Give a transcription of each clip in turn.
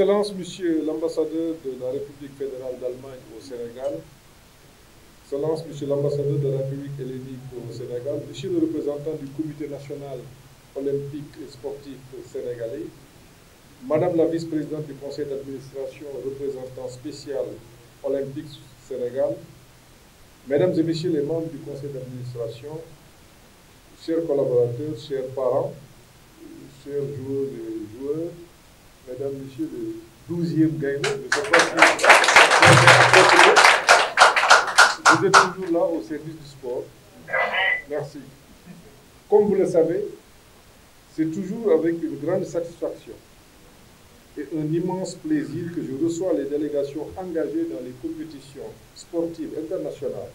Excellence Monsieur l'ambassadeur de la République fédérale d'Allemagne au Sénégal, Excellence Monsieur l'ambassadeur de la République hélénique au Sénégal, Monsieur le représentant du Comité national olympique et sportif sénégalais, Madame la vice-présidente du conseil d'administration, représentant spécial olympique Sénégal, Mesdames et Messieurs les membres du conseil d'administration, chers collaborateurs, chers parents, chers joueurs et joueurs, Mesdames, Messieurs, le 12e Je ne sais pas si vous êtes toujours là au service du sport. Merci. Comme vous le savez, c'est toujours avec une grande satisfaction et un immense plaisir que je reçois les délégations engagées dans les compétitions sportives internationales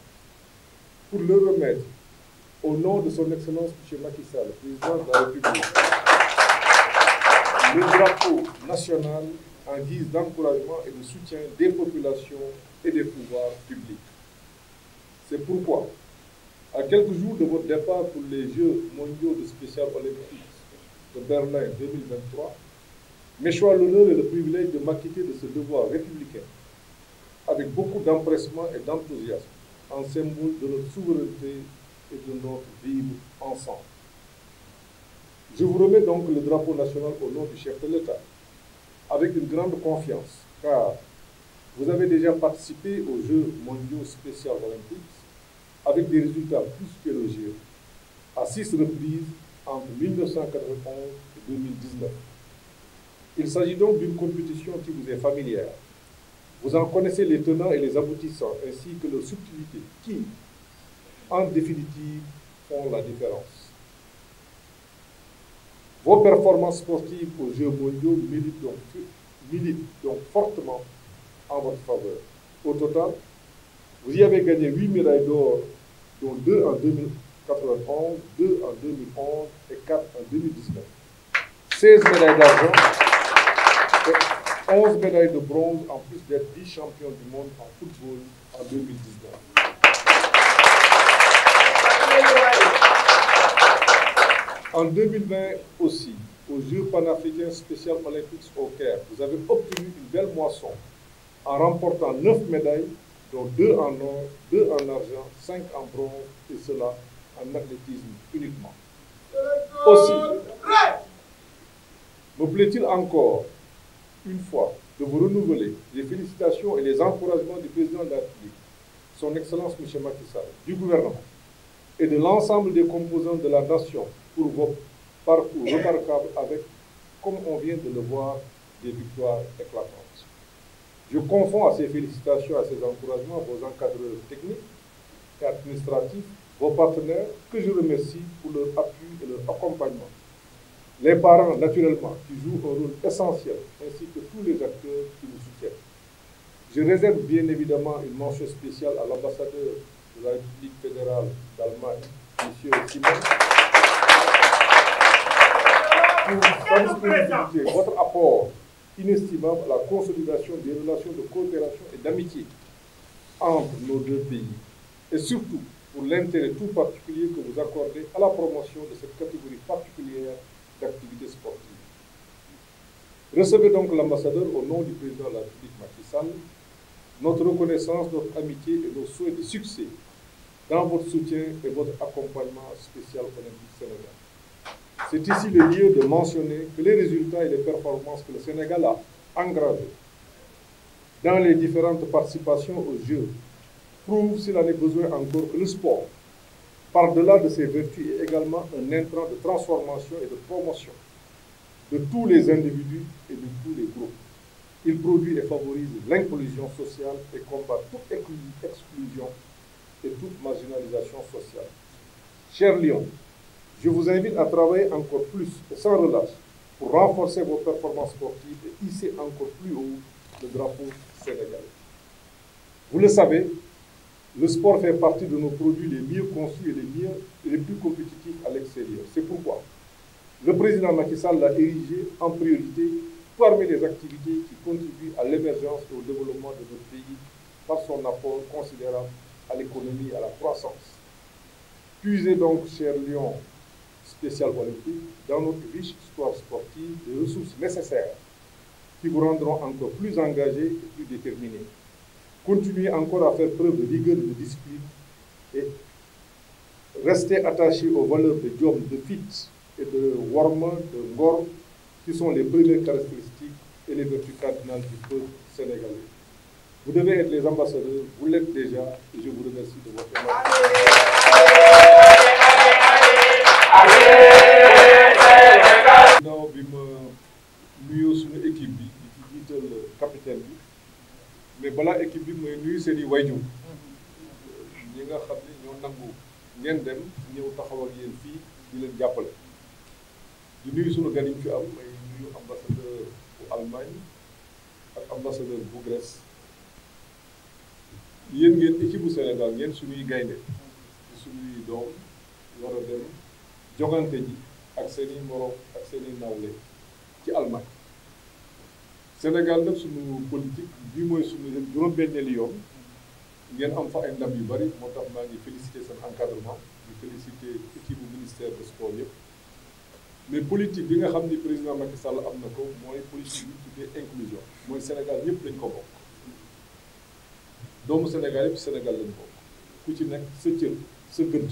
pour le remettre au nom de son Excellence M. Macky Sall, président de la République le drapeau national en guise d'encouragement et de soutien des populations et des pouvoirs publics. C'est pourquoi, à quelques jours de votre départ pour les Jeux mondiaux de spécial Olympics de Berlin 2023, mes choix l'honneur et le privilège de m'acquitter de ce devoir républicain avec beaucoup d'empressement et d'enthousiasme en symbole de notre souveraineté et de notre vie ensemble. Je vous remets donc le drapeau national au nom du chef de l'État, avec une grande confiance, car vous avez déjà participé aux Jeux mondiaux spéciaux olympiques avec des résultats plus qu'élogieux, à six reprises entre 1991 et 2019. Il s'agit donc d'une compétition qui vous est familière. Vous en connaissez les tenants et les aboutissants, ainsi que leurs subtilités qui, en définitive, font la différence. Vos performances sportives aux Jeux mondiaux militent donc, fortement en votre faveur. Au total, vous y avez gagné 8 médailles d'or, dont 2 en 2091, 2 en 2011 et 4 en 2019. 16 médailles d'argent et 11 médailles de bronze, en plus d'être 10 champions du monde en football en 2019. En 2020 aussi, aux Jeux panafricains spécial olympiques au Caire, vous avez obtenu une belle moisson en remportant 9 médailles, dont 2 en or, 2 en argent, 5 en bronze, et cela en athlétisme uniquement. Aussi, me plaît-il encore, une fois, de vous renouveler les félicitations et les encouragements du président de la République, son Excellence M. Macky du gouvernement et de l'ensemble des composants de la nation pour vos parcours eh. remarquables avec, comme on vient de le voir, des victoires éclatantes. Je confonds à ces félicitations, à ces encouragements, vos encadreurs techniques et administratifs, vos partenaires, que je remercie pour leur appui et leur accompagnement. Les parents, naturellement, qui jouent un rôle essentiel, ainsi que tous les acteurs qui nous soutiennent. Je réserve bien évidemment une mention spéciale à l'ambassadeur de la République fédérale d'Allemagne, M. Simon pour votre apport inestimable à la consolidation des relations de coopération et d'amitié entre nos deux pays et surtout pour l'intérêt tout particulier que vous accordez à la promotion de cette catégorie particulière d'activités sportives. Recevez donc l'ambassadeur au nom du président de la République Macky notre reconnaissance, notre amitié et nos souhaits de succès dans votre soutien et votre accompagnement spécial olympique sénégal. C'est ici le lieu de mentionner que les résultats et les performances que le Sénégal a engravées dans les différentes participations aux Jeux prouvent, s'il en est besoin encore, que le sport, par-delà de ses vertus, est également un intrant de transformation et de promotion de tous les individus et de tous les groupes. Il produit et favorise l'inclusion sociale et combat toute exclusion et toute marginalisation sociale. Cher Lyon, je vous invite à travailler encore plus, sans relâche, pour renforcer vos performances sportives et hisser encore plus haut le drapeau sénégalais. Vous le savez, le sport fait partie de nos produits les mieux conçus et les, les plus compétitifs à l'extérieur. C'est pourquoi le président Macky Sall l'a érigé en priorité parmi les activités qui contribuent à l'émergence et au développement de notre pays par son apport considérable à l'économie et à la croissance. Puisez donc, cher Lyon, spéciales olympique dans notre riche histoire sportive des ressources nécessaires qui vous rendront encore plus engagés et plus déterminés. Continuez encore à faire preuve de vigueur et de discipline et restez attachés aux valeurs de job de Fit et de Warma, de Ngor, qui sont les premières caractéristiques et les vertus cardinales du peuple sénégalais. Vous devez être les ambassadeurs, vous l'êtes déjà, et je vous remercie de votre attention. ginnaaw bi ma nuyoo suñu équipe bi di ci jiital capitaine bi mais balaa équipe bi mooy nuyu seen way wayjur ñi nga xam ne ñoo nangu ngeen dem ñëw taxaw ak yéen fii di leen jàppale di nuyu suñu gan fi am may nuyu ambassadeur bu Allemagne ak ambassadeur bu Grèce yéen ngeen équipe Sénégal ngeen suñuy gaynde suñuy doom war a dem jogante ji ak seen i ak seen i nawle ci Allemagne Sénégal nag suñu politique bi mooy suñu juróom-benneeli yoon ngeen am fa ay ndam yu bari moo tax maa ngi félicité seen encadrement di félicité équipe bu ministère de sport yëpp mais politique bi nga xam ni président Macky Sall am na ko mooy politique bi tuddee inclusion mooy Sénégal yëpp dañ ko bokk doomu Sénégal yëpp Sénégal lañ bokk ku ci nekk sa cër sa gëdd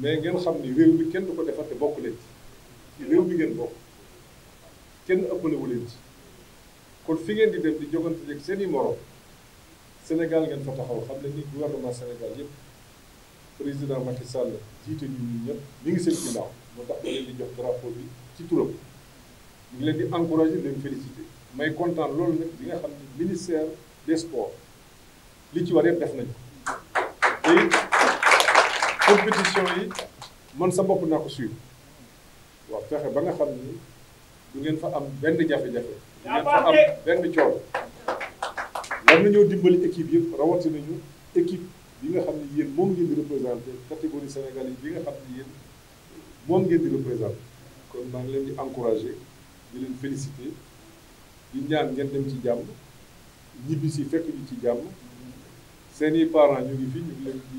mais ngeen xam ne réew mi kenn du ko defar te bokk leen ci réew mi ngeen bokk kenn ëppalewu leen ci kon fi ngeen di dem di jogante ak seen i morom Sénégal ngeen fa taxaw xam ne ni gouvernement Sénégal yëpp président Macky Sall jiite ñu ñun ñëpp mi ngi seen ginnaaw moo tax ma leen di jox drapeau bi ci turam ngi leen di encouragé leen félicité may kontaan loolu nag li nga xam ne ministère des sports li ci war yëpp def nañu compétition yi man sa bopp naa ko suivre waaw fexe ba nga xam ni du ngeen fa am benn jafe-jafe du ngeen fa am benn coono war nañoo dimbali équipe yëpp rawati nañu équipe bi nga xam ne yéen moom ngeen di représenté catégorie sénégalais yi bi nga xam ne yéen moom ngeen di représenté kon maa ngi leen di encouragé di leen félicité di ñaan ngeen dem ci jàmm ñibbi si fekk ñu ci jàmm seen i parents ñu ngi fi ñu ngi leen di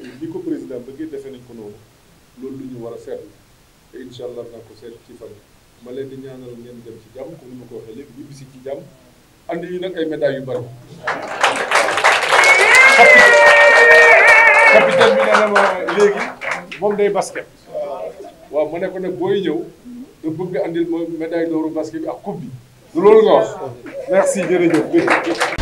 li ko président bëggee defee nañ ko noonu loolu lu ñu war a seetlu te incha allah naa ko seet ci fan ma leen di ñaanal ngeen dem ci jàmm comme ni ma ko waxee léegi ñu ci jàmm andi yi nag ay médailles yu bari capitaine bi nee na ma léegi moom day basket waaw ma ne ko nag booy ñëw te bëgg nga andil ma basket bi ak coupe du loolu nga wax merci jërëjëf